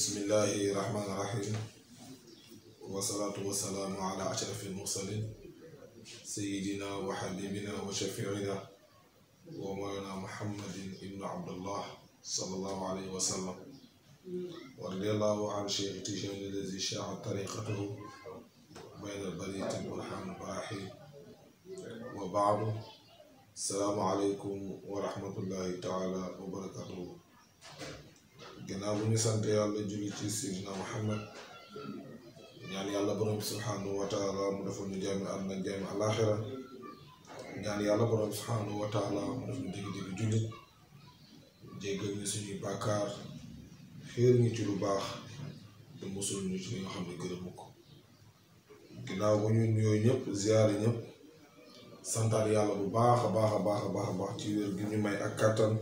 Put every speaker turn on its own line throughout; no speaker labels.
bismillahi rahmaani rahim wasalaatu wasalaamu ala ashrafi almursalin sayidina wa xabibina wa shafiina wa mawlana muhammadin ibnu abdullah sallallahu alayhi wa sallam wa radiallahu an cheikh tijani allazi shaa tariqatahu bayna albariyati burhan baaxi wa baadu salaamu alaykum wa rahmatullahi taala wa barakatuhu gannaaw bu ñu sant yàlla julli ci Seydina Muhammad ñaan yàlla borom bi subhanahu wa taala mu defal ñu jaami àdduna ak jaami alaxira ñaan yàlla borom bi subhanahu wa mu def ñu dégg-dégg ñu suñuy bàkkaar xéer ci lu baax te musul ñu ci li xam ne gërëmu ko ginnaaw bu ñu nuyoo ñëpp ziyaare ñëpp santaat yàlla bu baax a baax a baax baax a baax ci wér gi ñu may ak kàttan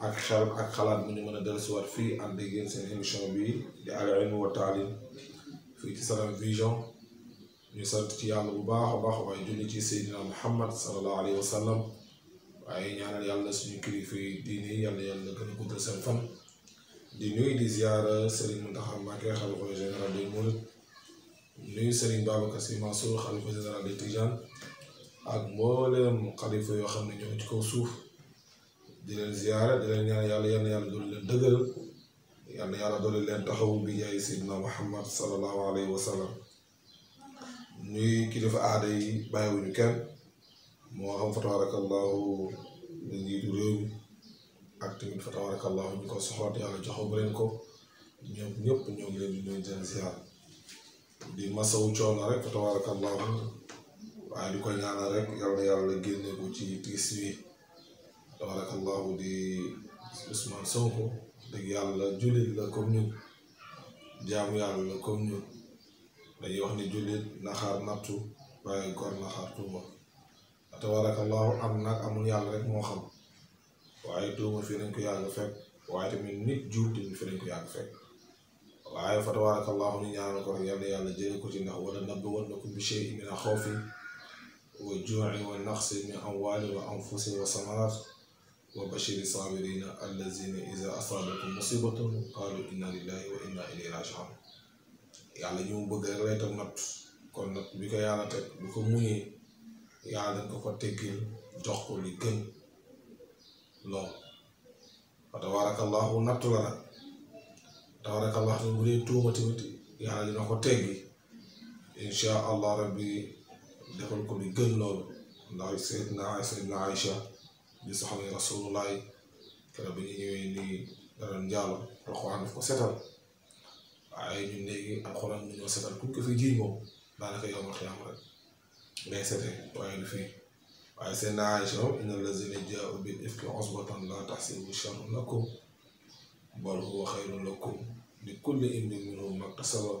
ak xel ak xalaat mu ñu mën a dellusiwaat fii ànd ak yéen seen émission bi di al ilm wa taalim fii ci Salam Vision ñu sant ci yàlla bu baax a baax waaye julli ci Seydina Muhammad sallallahu alayhi wa sallam waaye ñaanal yàlla suñu kilifa yi diine yàlla yàlla gën a guddal seen fan di nuyu di ziara Serigne Mountakha Mbacké xalifa général des Mourides nuyu Serigne Babacar Sy Mansour xalifa général des Tidianes ak mboolem xalifa yoo xam ne ñoo ci kaw suuf. di leen ziyaara di leen ñaan yàlla yal na yàlla doon leen dëgëral yal na yàlla doon leen taxawu bi jaay Seydina Muhammad sallallahu alayhi wa sallam ñuy kilifa aada yi bàyyiwuñu kenn moo xam fa tabarakallahu ñu njiitu réew mi ak fa tabarakallahu ñu ko soxlaat yàlla joxagu leen ko ñoom ñëpp ñoo ngi leen di leen ziyaara di masawu coono rek fa tabarakallahu waaye di ko ñaanal rek yal na yàlla génne ko ci tiis wi. tabarakallahu di Ousmane Sonko dëgg yàlla jullit la comme jaamu yàlla la comme ñun dañuy wax ni jullit naxaar nattu waaye góor tuuma tabarakallahu am nag amul yàlla rek moo xam waaye tuuma fii nañ ko yàlla fekk waaye tamit nit juut tamit fii nañ waaye fa tabarakallahu ni ñaanal ko rek yàlla yàlla jëlee ko ci ndax wala bi shay'in min al-khawfi wa juu'i min amwaali wa anfusi wa samaraat wa bashiri saabiriina allazina iza asaabatum musibatun qaalu inna lillahi wa inna ilayhi raaji'un yàlla ñu bëgg rek lay teg natt kon natt bi ko yàlla teg bu ko muñee yàlla dañ ko ko teggil jox ko li gën lool fa tabarakallahu natt la nag tabarakallahu bu dee tuuma tamit yàlla dina ko teggi insha allah rabbi defal ko li gën loolu ndax seydna seydna Aïcha di soxna rasulullahi keroog bi ñu ñëwee nii da doon jàll alxuraan daf ko setal waaye ñun léegi alxuraan ñu ñoo setal kuñ ko fi jiiñ moom daanaka yow ma xiyaam rek ngay sete waaye du fi waaye seen naa Aysa inna allazina jaa'u bil ifki usbatan laa tahsabuhu sharran lakum bal huwa xayrun lakum li kulli imri'in minhum maktasaba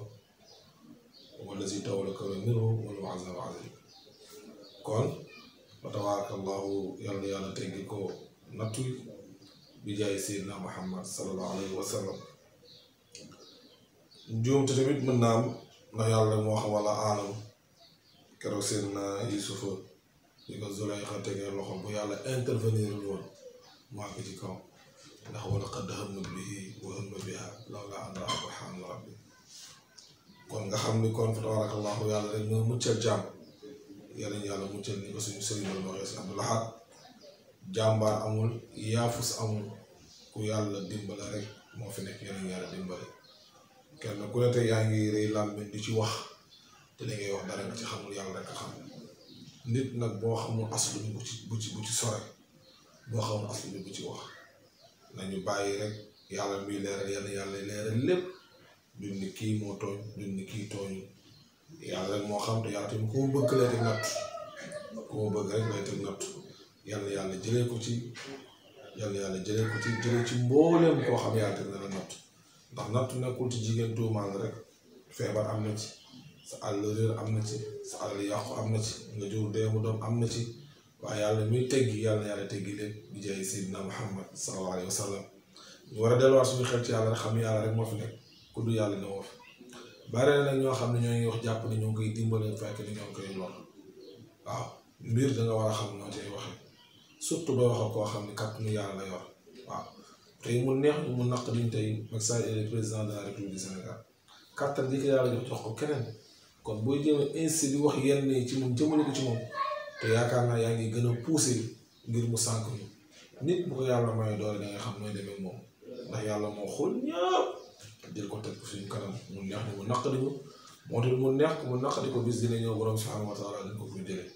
wallazi tawalla minhum wa lahu 'adhabun 'azim kon. wa tabarakallahu yàlla na yàlla teggi ko nattu bi jaay seydina muhammad sallallahu alayhi wa sallam njuumte tamit mën naa am ndax yàlla moo xam wala aalam keroog seydina yusufa di ko Zulayxa tegee loxo bu yàlla intervenir woon mu àgg ci kaw ndax wala qad bihi wa hamma biha lawlaa an ra'a rabbi kon nga xam ni kon fa tabarakallahu yàlla rek moo muccal jàmm yal nañu mu muccal ni ko suñu sëriñ la waxee si Abdul Ahad jàmbaar amul yaafus amul ku yàlla dimbale rek moo fi kenn ku ne yaa ngi rëy làmmiñ di ci wax te li ngay wax dara nga ci xamul yàlla rek xam nit nag boo xamul aslu bu ci bu ci sore boo xamul aslu bu ci wax nañu bàyyi rek yàlla muy leeral yàlla yàlla leeral lépp duñ kii moo tooñ duñ kii tooñu. yàlla rek moo xam te yàlla tamit koo bëgg lay teg natt koo bëgg rek lay teg natt yàlla yàlla jëlee ko ci yàlla yàlla jëlee ci jëlee ci mbooleem koo xam yàlla teg na natt ndax natt nekkul ci jigéen tuumaal rek feebar am na ci sa àll réer am na ci sa àll yàqu am na ci nga jur deemu doom am na ci waa yàlla muy teggi yàlla yàlla teggi leen di jaay Seydina Muhammad sallallahu alayhi wa sallam ñu war a delluwaat suñu xel ci yàlla rek xam yàlla rek moo fi nekk ku du yàlla ne moo bare na nag ñoo xam ne ñoo ngi wax jàpp ne ñoo ngi koy dimbale fekk ne ñoo ngi koy lor waaw mbir da war a xam noo cay waxe surtout boo waxee koo xam ne kàttanu yàlla la yor waaw tey mu neex ñu mu naq duñ tey Macky Sall président de la République di ko keneen kon booy jéem a insi wax yenn yi ci moom jëmale te yaakaar naa yaa ngi gën a poussé ngir mu sànq ñu nit bu ko yàlla may doole da nga xam nooy demee moom ndax yàlla moo xool ñëpp. jël ko teg ko suñu kanam mu neex ni mu naqari ko moo tax mu neex mu naqari ko bis dina ñëw borom subhaanahu wa taala dañ ko fi jëlee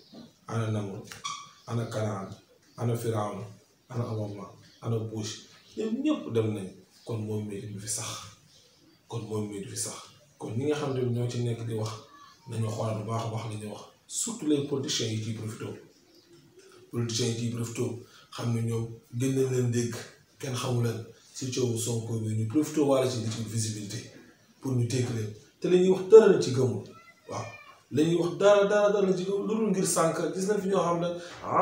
ana Namrud ana Kanaan ana Firawna ana Amama ana Bush ñoom ñëpp dem nañ kon moom mii du fi sax kon moom mii du fi sax kon ñi nga xam ne ñoo ci nekk di wax nañu xoolal bu baax a baax li ñuy wax surtout les politiciens yi ciy profité politiciens yi ciy profité xam ne ñoom gën nañ leen dégg kenn xamu leen. si coow Sonko bi ñu profité waale ci nit ñi pour ñu teg leen te li ñuy wax dara la ci gëmul waaw li ñuy wax dara dara dara la ci gëmul lu dul ngir sànq gis nañ fi ñoo xam ne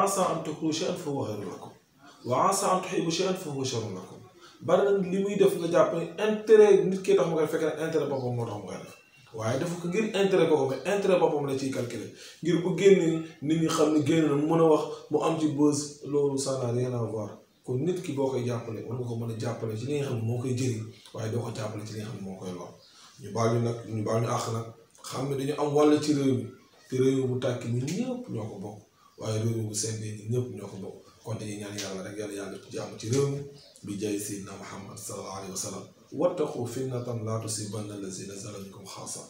asa an tuhibbu shay'an fa huwa khayrun lakum wa asa an tuhibbu shay'an fa huwa sharrun lakum bari li muy def nga jàpp ne intérêt nit ki tax mu koy fekk na intérêt boppam moo tax mu koy def waaye dafa ko ngir intérêt boppam mais intérêt la ciy calculer ngir bu génnee nit ñi xam ne génn na mu mën a wax mu am ci buzz loolu ça n'a rien à kon nit ki boo koy jàppale war nga ko mën a jàppale ci li nga xam ne moo koy jëriñ waaye doo ko jàppale ci li nga xam ne moo koy lor ñu baal ñu ñu baal ñu àq nag xam ne dañu am wàll ci réew mi te bu tàkk ñun ñëpp ñoo ko bokk waaye réew bu sedd ñun ñoo ko bokk kon dañuy yàlla rek yàlla yàlla jàmm ci réew mi bi jaay sayyidina Muhammad sallallahu alayhi wa sallam wattaqu fitnatan laa tusibanna allazina zalamu minkum xaasa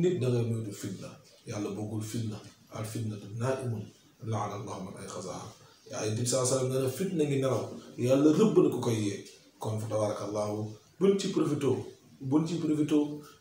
nit da ngay moytu fitna yàlla bëggul fitna al fitnatu naimun laana allahu man ay xasaha yaa ngi saa saa nee na fitna ngi nelaw yàlla rëbb na ko koy yee kon fa tabaarakallaahu ci profité buñ ci profité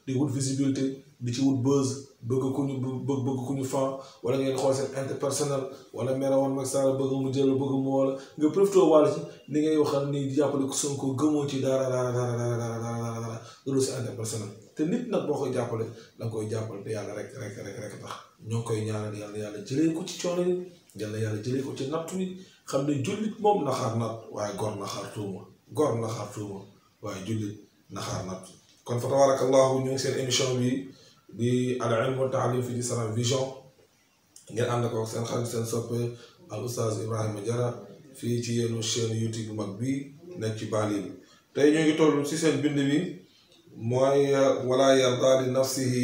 di wut visibilité di ci wut buzz bëgg ku ñu bëgg bëgg ñu fan wala ngeen xool seen interpersonnel wala mera mag saara bëgg mu jël bëgg mu wala nga profité wàll ci ni ngay waxal ni jàppale ko Sonko gëmoo ci dara dara dara dara dara dara dara loolu si interpersonnel te nit nag boo koy jàppale da nga koy jàppale te rek rek yàlla yàlla jëlee yàlla yàlla jëlee ko ci nattu nit xam ne jullit moom naxaar natt waaye gor naxaar tuuma gor naxaar tuuma waaye jullit naxaar natt kon fa tabarakallahu ñu ngi seen émission bi di al ilm taalim fii di Salam Vision ngeen ànd ko seen xarit seen soppe al oustaz Ibrahima Diarra fii ci yenn chaîne YouTube bu mag bi nekk ci Bali bi tey ñu ngi toll ci seen bind bi mooy wala yarda li nafsihi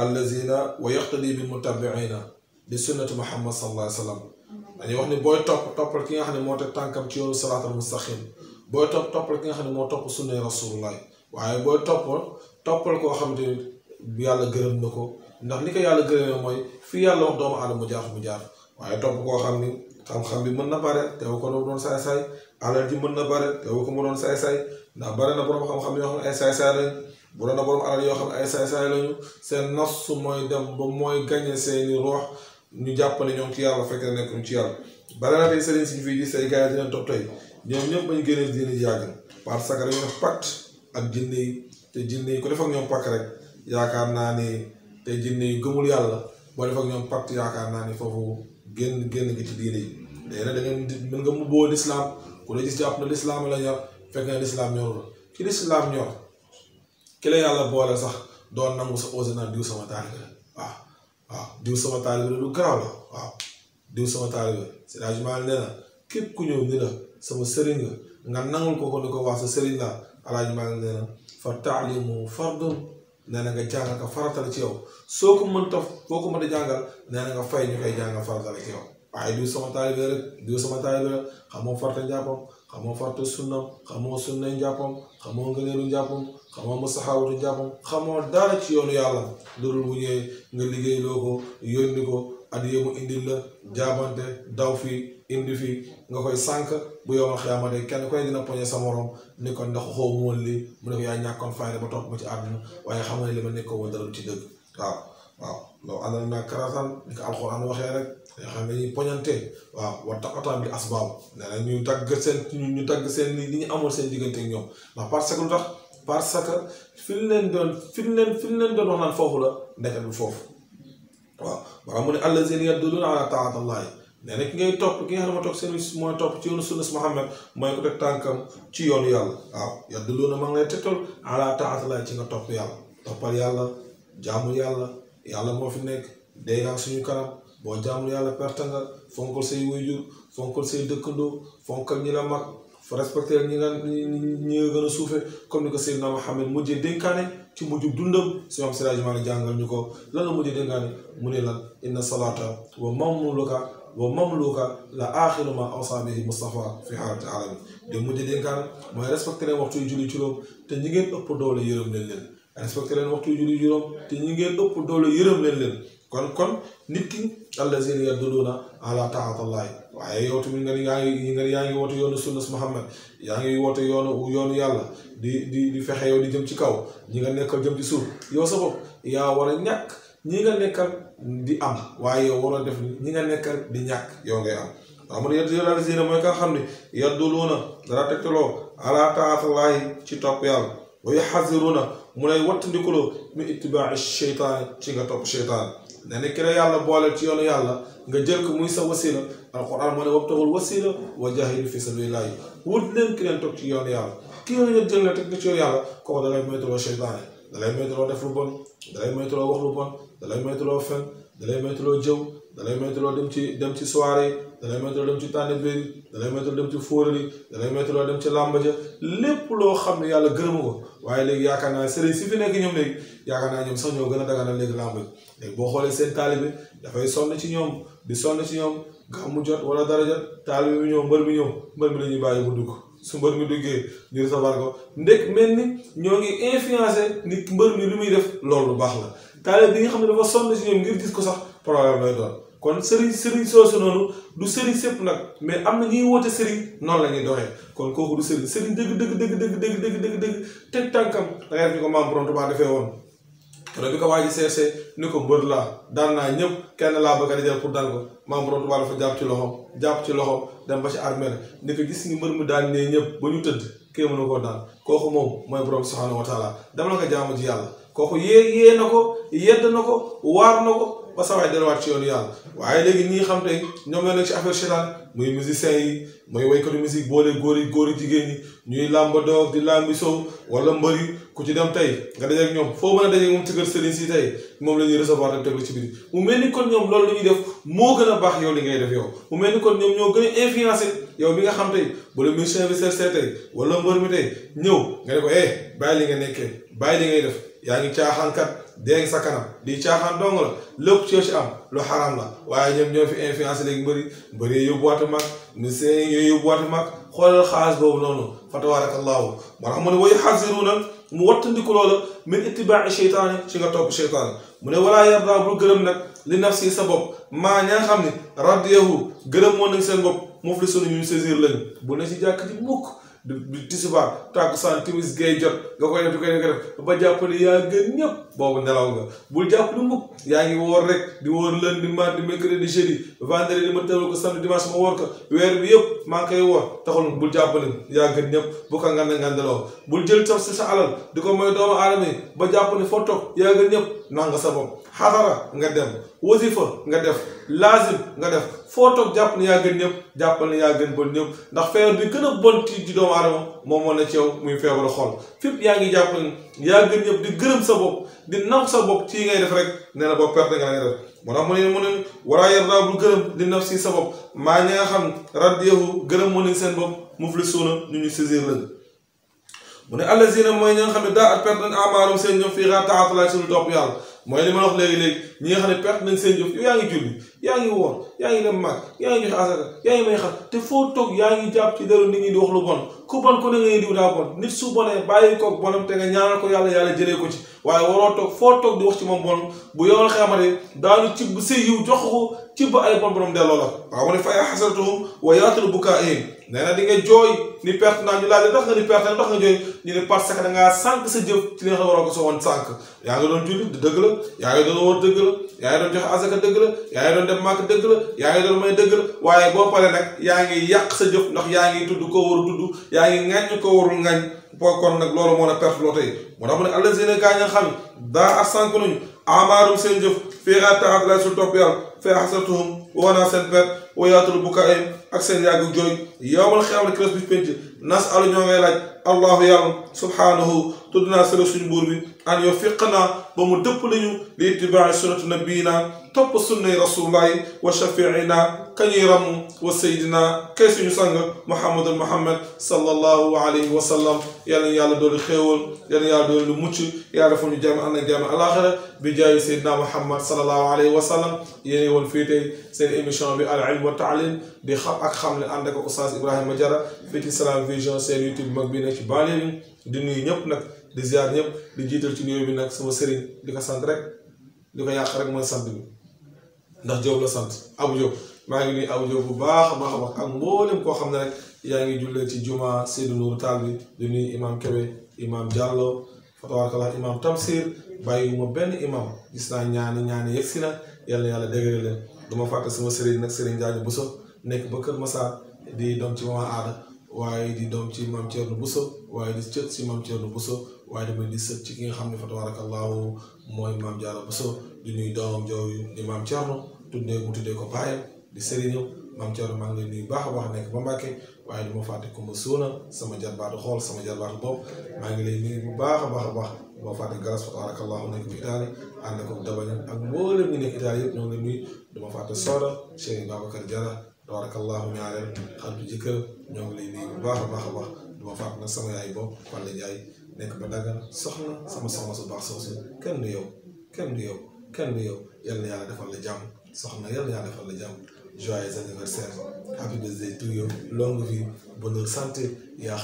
allazina wa yaqtadi bil mutabiina di sunnatu muhammad sallallahu alayhi wa sallam dañuy wax ni booy topp toppal ki nga xam ne moo teg tànkam ci yoonu siraatal mustaqim booy topp toppal ki nga xam ne moo topp sunnay rasulullah waaye booy toppal toppal koo xam ne yàlla gërëm na ko ndax li yàlla gërëmee mooy fii yàlla wax doomu aadama mu jaar mu jaar waaye topp koo xam ni xam bi mën na bare teew ko mu doon saay-saay mën na bare teew ko mu doon saay-saay ndax bare na borom xam-xam yoo xam ne bu doon na borom alal yoo xam ne ay saay-saay lañu seen nafsu mooy dem ba mooy gañe seeni roox ñu jàppale ñoom ci yàlla fekk na nekkuñ ci yàlla bala naa tey sëriñ si ñu fiy gis ay gars yi dinañ topp tey ñoom ñëpp bañ génnee diine ji yàgg parce que dañu def pacte ak jinne te jinne yi ku def ak ñoom yaakaar naa ni te jinne yi gëmul yàlla boo def ñoom pacte yaakaar naa ni foofu génn génn gi ci diine yi léegi nag da ngeen mën nga mubboo lislaam ku la gis jàpp na lislaam la ñor fekk na lislaam ñor la ki lislaam ñor ki la yàlla boole sax doon nangu sa ose naan diw sama tànk waaw waaw diw sama taalibe lu garaaw la waaw diw sama taalibe si daal jumaa nee sama sëriñ la nga nangul ko ko ni ko wax sa sëriñ la alaaji maa nee na fa taalimu fardun nee na nga jàngal ka faratal ci yow soo ko mënta boo ko mën a jàngal nee na nga fay ñu koy jàngal faratal ci yow waaye diw sama taalibe rek diw sama taalibe rek xamoo farata njàppam xamoo farata sunnam xamoo sunnay njàppam xamoo ngëneelu njàppam xamoo mustaxaabatu njàppam xamoo dara ci yoonu yàlla loolu bu ñëwee nga liggéeyloo ko yónni ko addiya mu la jaabante daw fii indi fii nga koy sanq bu yow ma xiyaamate kenn ku ne dina poñe sa morom ni ko ndax xoo mu lii mu ne ko yaa ñàkkoon fayda ba topp ma ci àdduna waaye xam nga ne li ma nekkoon woon waaw law àndal naa karatan ni ko alxuraan waxee rek nga xam ne ñuy poñante waaw war taqataan bi asbaab nee ñu tàgg seen ñu tàgg seen li ñu amul seen diggante ak ñoom ndax parce que lu tax que fi ñu leen doon fi ñu leen fi ñu leen doon wax naan foofu la ndeket du foofu waaw maanaam mu ne allazina yadulluna a taatallahi nee na ki ngay topp ki nga xam ne ma topp seen ci yoonu sunnas Muhammad mooy ko teg tànkam ci yoonu yàlla waaw yadulluna ma ngi lay tegtal ala taatallahi ci nga topp yàlla toppal yàlla jaamul yàlla yàlla moo fi nekk day ak suñu kanam boo jaamul yàlla perte nga fonkal say waajur fonkal say dëkkandoo fonkal ñi la mag fa respecté ñi nga ñi nga gën a suufe comme ni ko Seydina Mohamed mujjee dénkaane ci mujjub dundam si am siraj maa jàngal ñu ko lan la mujjee dénkaane mu ne lan inna salaata wa mamluka wa mamluka la axiru ma awsa bihi Mustafa fi xaalati alami de mujjee dénkaane mooy respecté waxtu julli ci loolu te ñu ngeen ëpp leen respecté leen waxtu julli juróom te ñu ngeen ëpp doole yërëm leen leen kon kon nit ki allazina yaduluna ala taatallahi waaye yow tamit nga ni yaa ngi nga yaa ngi woote yoonu sunnas Muhammad yaa ngi woote yoonu yàlla di di di fexe yow di jëm ci kaw ñi nga nekkal jëm ci suuf yow sa bopp yaa war a ñàkk ñi nga nekkal di am waaye yow war a def ñi nga nekkal di ñàkk yow ngay am waaw mu ne allazina mooy ka xam ne yaduluna dara tegtaloo ala ci topp yàlla wa yaxasiruna mu lay wattandikuloo mu itibaa cheytaan ci nga topp cheytaan nee na ki la yàlla booleel ci yoonu yàlla nga jël ko muy sa wasila alquran moo ne wabtaxul wasila wa jahidu fi sabilillahi wut leen ki leen toog ci yoonu yàlla ki nga nga jël la teg nga ci yoonu yàlla kooku da lay moytuloo cheytaane da lay moytuloo def lu bon da lay wax lu bon da lay moytuloo fen da lay moytuloo jëw da lay moytuloo dem ci dem ci soirée da lay moytuloo dem ci tànnbéeri da lay moytuloo dem ci fóorali da lay moytuloo dem ci làmb ja lépp loo xam ne yàlla gërëmu ko waaye léegi yaakaar naa sëriñ si fi nekk ñoom léegi yaakaar naa ñoom sax gën a daganal léegi làmb ji boo xoolee seen taalibe dafay sonn ci ñoom di sonn ci ñoom gàmmu jot wala dara jot taalibe bi ñëw mbër mi ñëw mbër mi la ñuy bàyyi mu dugg su mbër mi duggee ñu recevoir ko ndek mel ni ñoo ngi influencé nit mbër mi lu muy def loolu lu baax la taalibe bi nga xam ne dafa sonn ci ñoom ngir gis ko sax problème lay doon kon sëriñ sëriñ soosu noonu du sëriñ sëpp nag mais am na ñuy woote sëriñ noonu la ñuy doxee kon kooku du sëriñ sëriñ dëgg dëgg dëgg dëgg dëgg dëgg dëgg dëgg teg tànkam da ngay ko maam borom Tuubaa defee woon keroog bi ko waa ji seesee ni ko mbër laa daan naa ñëpp kenn laa bëgg a dajal pour daan ko maam borom Tuubaa dafa jàpp ci loxo jàpp ci loxo dem ba ci armée ni ko gis ngi mbër mu daan nee ñëpp ba ñu tëdd kii mën na koo daan kooku moom mooy borom subhaanahu wa taala dama la ko jaamu ji yàlla kooku yee yee na ko yedd ko waar ba sawaay delluwaat ci yoonu yàlla waaye léegi ñi xam tey ñoom la nekk ci affaire seetaan muy musiciens yi muy waykatu musique boole góor yi góor yi jigéen ñi ñuy làmb doog di làmbi soow wala mbër yi ku ci dem tey nga daje ak ñoom foo mën a daje moom ci kër moom la ñuy recevoir dem teg la ci biir ñoom loolu lu ñuy def moo gën a baax yow li ngay def yow mu mel ni ko ñoom ñoo gën a influencé yow bi nga xam tey bu la musicien bi seet tey wala mbër mi tey ñëw nga ne ko eh bàyyi li nga nekkee bàyyi li ngay def yaa ngi caaxaankat dégg sa kanam di caaxaan dong la lépp coo ci am lu xaram la waaye ñoom ñoo fi influence léegi mbëri mbëri yóbbuwaatu mag musiciens yooyu yóbbuwaatu mag xoolal xaalis boobu noonu fa tabarakallahu moo tax mu ne way xasiruuna mu wattandiku loola min itibaaci cheytaani ci nga topp cheytaan mu ne walaa yardaa bul gërëm nag li nafsi sa bopp maa ña nga xam ne radiyahu gërëm woon nañ seen bopp moof li sunu ñun saisir lañu bu ne si jàkk ji mukk du du tisbaar takkusaan timis jot nga ba jàpp ne yaa gën ñëpp boobu nelaw nga bul jàpp mukk yaa ngi woor rek di woor lundi mardi mercredi jeudi vendredi ma tëral ko samedi dimanche ma woor weer bi yëpp maa ngi koy woor taxul bul jàpp ne yaa gën ñëpp bu ko ngand ngandaloo bul jël tam si sa alal di ko may doomu aadama ba jàpp ne foo toog yaa gën ñëpp nanga sa bopp xadara nga dem wasifa nga def laazim nga def foo toog jàpp na yaa gën ñëpp jàppal ne yaa gën bon ñëpp ndax feebar bi gën a bon ci di doomu aadama moom moo ne ci yow muy feebaru xol fépp yaa ngi jàpp ne yaa gën ñëpp di gërëm sa bopp di naw sa bopp ci ngay def rek nee na boo perte nga la nga def moo tax mu mu ne di naf si sa bopp maa ñi nga xam raddiyahu gërëm moo ne seen bopp mu fi ñu ñu saisir lañ mu ne allazina mooy ñi nga xam ne daa at perte nañ amaalum seen ñoom fii raa taatalaay suñu topp yàlla mooy li ma wax léegi-léegi ñi nga xam ne perte nañ seen jëf yow yaa ngi julli yaa ngi woor yaa ngi dem mag yaa ngi joxe asaka yaa ngi may di wax lu bon ku ko bonam ko yàlla yàlla jëlee ko ci waaye waroo toog foo toog di wax ci moom bon bu yowal xamate daanu cibb jox ko cibb ay la waaw mu ne fa ay xasaratuhum wa yaatul bukaa'ihim na di nga jooy ni perte naa ñu la ndax nga ni perte ndax nga jooy ñu ne parce que li nga xam waroo sa woon sànq yaa ngi doon julli dëgg joxe asaka dëgg yaa ngi doon dem màgg dëgg la yaa ngi doon may dëgg la waaye boo paree nag yaa ngi yàq sa jëf ndax yaa ngi tudd ko waru tudd yaa ngi ŋaññ ko warul ŋañ boo kon nag loolu moo la perte loo tey moo tax mu ne allazina gaa ña xam daa ak sànk nañu amaarum seen jëf fiihaa taat lay su topp yàlla fee xasatuhum woo naa seen perte wayaatul bukaayim ak seen yàgg jooy yowmal xiyaamal keroog bis pénc nas alu ñoo ngay laaj yàlla subhanahu tudd naa sële suñu buur bi an yow naa ba mu dëpp lañu li itibaa sunnatu nabii naa topp sunnay rasulullahi wa shafiina kañuy ramu wa saydina kay suñu sang muhammadul muhammad sallallahu alayhi wa sallam yal na yàlla doolu xéewal yal na yàlla doolu lu mucc yàlla dafa ñu jàmm ànd ak jàmm alaxira bi jaayi saydina muhammad sallallahu alayhi wa sallam yéen woon fii tey seen émission bi al ilm wa taalim di xam ak xam ne ànd ak oustaz Ibrahima Diarra fii ci Salam Vision seen youtube mag bi nekk ci banlieue di nuyu ñëpp nag di ziar ñëpp di jiital ci nuyoo bi nag sama sëriñ di ko sant rek li ko yàq rek mooy sant bi ndax Diop la sant Abu maa ngi nuyu Abu bu baax a baax a baax ak mboolem koo xam ne rek yaa ngi jullee ci juma Seydou Nour Tall bi di nuyu imaam Kébé imaam Diallo fa tabarakallah imaam Tamsir bàyyiwuma benn imaam gis naa ñaani ñaani yegg si yàlla yàlla déggal leen du ma fàtte sama sëriñ nag sëriñ Njaajo Bousso nekk ba Kër Massar di doom ci maman aada waaye di doom ci maam bu Bousso waaye di cët ci maam Thierno Bousso. waaye damay di sët ci ki nga xam ne fa tabaarakallaahu mooy maam Diarra Bousso di nuyu doomam jooju di maam Thierno tuddee mu tuddee ko Baye di sëriñam maam Thierno maa ngi lay nuyu baax a baax nekk ba Mbàkke waaye du ma fàtte Kumba Suuna sama jarbaatu xool sama jarbaatu bopp maa ngi lay bu baax a baax a baax du ma fàtte Garas fa tabaarakallaahu nekk bi Itaali ànd ko dabañam ak mboolem ñi nekk Itaali yëpp ñoo ngi lay nuyu du ma fàtte Sooda Cheikh Babacar Diarra tabaarakallaahu ñaareel xaritu jëkkër ñoo ngi lay nuyu bu baax a baax a du ma fàtte nag sama yaay bopp Fallé Ndiaye nekk ba dagal soxna sama soxna su baax soosu kenn du yow kenn du yow kenn du yow yal na yàlla defal la jàmm soxna yal na yàlla defal la jàmm joyeux anniversaire happy birthday to you longue vie bonheur santé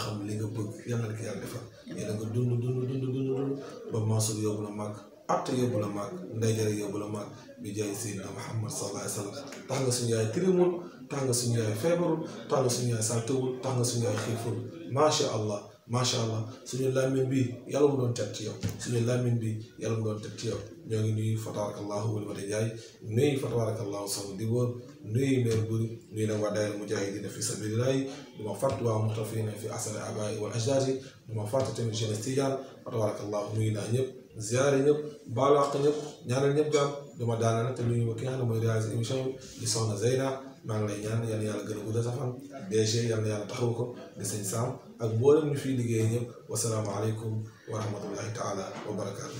xam li nga bëgg yal na ko yàlla defal yal na nga dund dund dund dund dund ba Mansour yóbbu la màgg atta yóbbu la màgg nday jare yóbbu la màgg bi jaay Seydina Muhammad sallallahu alayhi wa sallam tax nga suñu yaay tirimul tax nga suñu yaay feebarul tax nga suñu yaay saltewul tax nga allah macha allah suñu làmmiñ bi yàlla mu doon teg ci yow suñu bi yàlla mu doon teg ci yow ñoo ngi nuyu fa tabarakallahu wala mata jaay nuyu fa tabarakallahu sax di boor nuyu meer buri nuyu nag waa daayal mujahidina fi fi asari abayi wal ajdaadi duma fàtt tamit jeunesse tijaan fa tabarakallahu nuyu naa ñëpp ziyaare ñëpp baalu àq ñëpp ñaanal ñëpp jaam duma daana nag te nuyu ma ki nga xam ne mooy réaliser émission bi di soxna Zeyna maa yal na yàlla gën a sa yal na ko di ak mboolem ñu fiy liggéey ñëpp wasalaamaaleykum wa rahmatullahi taala wa barakaatu.